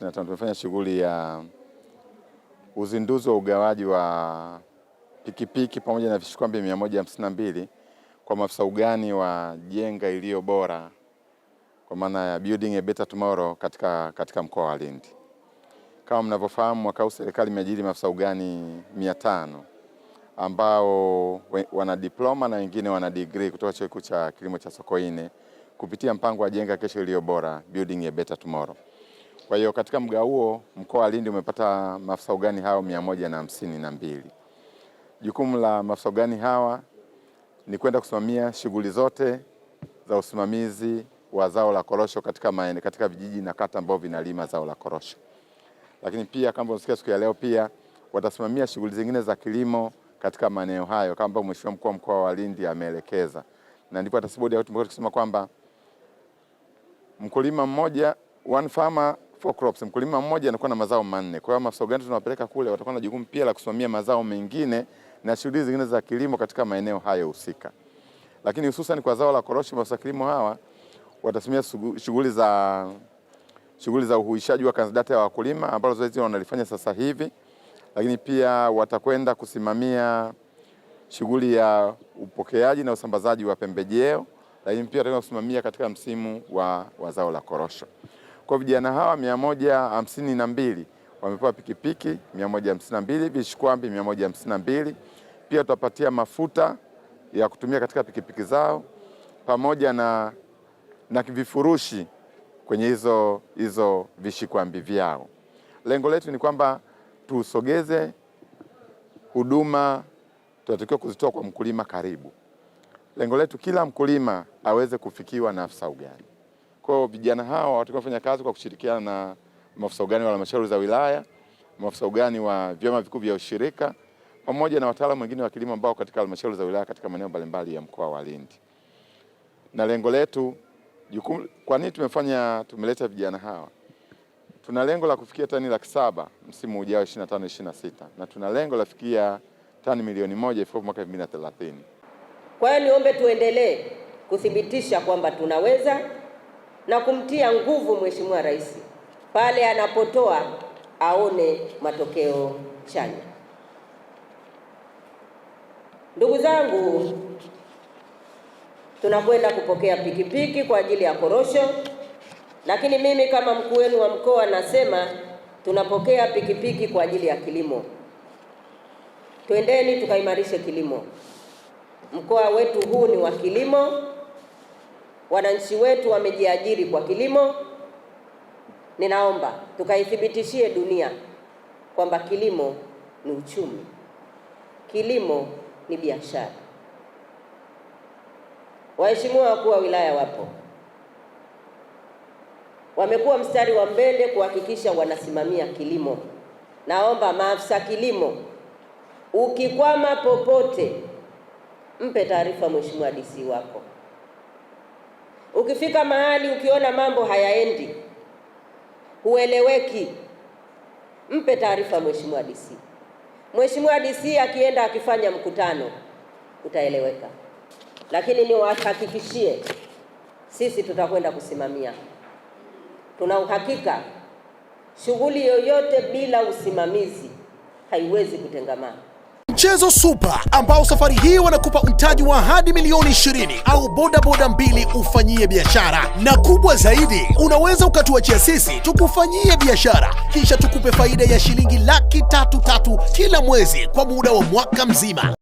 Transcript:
25 tumefanya shughuli ya uzinduzi wa ugawaji wa pikipiki pamoja na vishikwambi mia moja hamsini na mbili kwa maafisa ugani wa jenga iliyo bora kwa maana ya building a better tomorrow katika, katika mkoa wa Lindi. Kama mnavyofahamu, mwaka huu serikali imeajiri maafisa ugani mia tano ambao wana diploma na wengine wana degree kutoka chuo kikuu cha kilimo cha Sokoine kupitia mpango wa jenga kesho iliyo bora building a better tomorrow. Kwa hiyo katika mgao huo mkoa wa Lindi umepata maafisa ugani hao mia moja na hamsini na mbili. Jukumu la maafisa ugani hawa ni kwenda kusimamia shughuli zote za usimamizi wa zao la korosho katika maene, katika vijiji na kata ambao vinalima zao la korosho. Lakini pia kama unasikia siku ya leo pia watasimamia shughuli zingine za kilimo katika maeneo hayo kama ambavyo Mheshimiwa Mkuu wa Mkoa wa Lindi ameelekeza. Na ndipo hata bodi tumekuwa tukisema kwamba mkulima mmoja one farmer four crops, mkulima mmoja anakuwa na mazao manne. Kwa hiyo maafisa ugani tunawapeleka kule, watakuwa na jukumu pia la kusimamia mazao mengine na shughuli zingine za kilimo katika maeneo hayo husika, lakini hususan kwa zao la korosho, maafisa kilimo hawa watasimamia shughuli za shughuli za uhuishaji wa kanzidata ya wakulima ambalo zoezi wanalifanya sasa hivi, lakini pia watakwenda kusimamia shughuli ya upokeaji na usambazaji wa pembejeo, lakini pia watakwenda kusimamia katika msimu wa, wa zao la korosho. Kwa vijana hawa mia moja hamsini na mbili wamepewa pikipiki mia moja hamsini na mbili vishikwambi mia moja hamsini na mbili Pia tutapatia mafuta ya kutumia katika pikipiki zao pamoja na, na vifurushi kwenye hizo, hizo vishikwambi vyao. Lengo letu ni kwamba tusogeze huduma tunatakiwa kuzitoa kwa mkulima karibu. Lengo letu kila mkulima aweze kufikiwa na afisa ugani. Kwa hiyo vijana hawa watakuwa fanya kazi kwa kushirikiana na maafisa ugani wa halmashauri za wilaya, maafisa ugani wa vyama vikuu vya ushirika pamoja na wataalamu wengine wa kilimo ambao katika halmashauri za wilaya katika maeneo mbalimbali ya mkoa wa Lindi. Na lengo letu jukumu, kwa nini tumefanya tumeleta vijana hawa? Tuna lengo la kufikia tani laki saba msimu ujao 25 26 na tuna lengo la kufikia tani milioni moja ifikapo mwaka 2030. Kwa hiyo niombe tuendelee kuthibitisha kwamba tunaweza na kumtia nguvu Mheshimiwa Rais pale anapotoa aone matokeo chanya. Ndugu zangu, tunakwenda kupokea pikipiki kwa ajili ya korosho, lakini mimi kama mkuu wenu wa mkoa nasema tunapokea pikipiki kwa ajili ya kilimo. Twendeni tukaimarishe kilimo. Mkoa wetu huu ni wa kilimo wananchi wetu wamejiajiri kwa kilimo. Ninaomba tukaithibitishie dunia kwamba kilimo ni uchumi, kilimo ni biashara. Waheshimiwa wakuu wa wilaya wapo, wamekuwa mstari wa mbele kuhakikisha wanasimamia kilimo. Naomba maafisa kilimo, ukikwama popote, mpe taarifa mheshimiwa DC wako Ukifika mahali ukiona mambo hayaendi, hueleweki, mpe taarifa mheshimiwa DC. Mheshimiwa DC akienda akifanya mkutano utaeleweka, lakini niwahakikishie, sisi tutakwenda kusimamia. Tuna uhakika shughuli yoyote bila usimamizi haiwezi kutengamana. Mchezo Super ambao safari hii wanakupa mtaji wa hadi milioni 20 au boda boda mbili ufanyie biashara, na kubwa zaidi, unaweza ukatuachia sisi tukufanyie biashara kisha tukupe faida ya shilingi laki tatu tatu kila mwezi kwa muda wa mwaka mzima.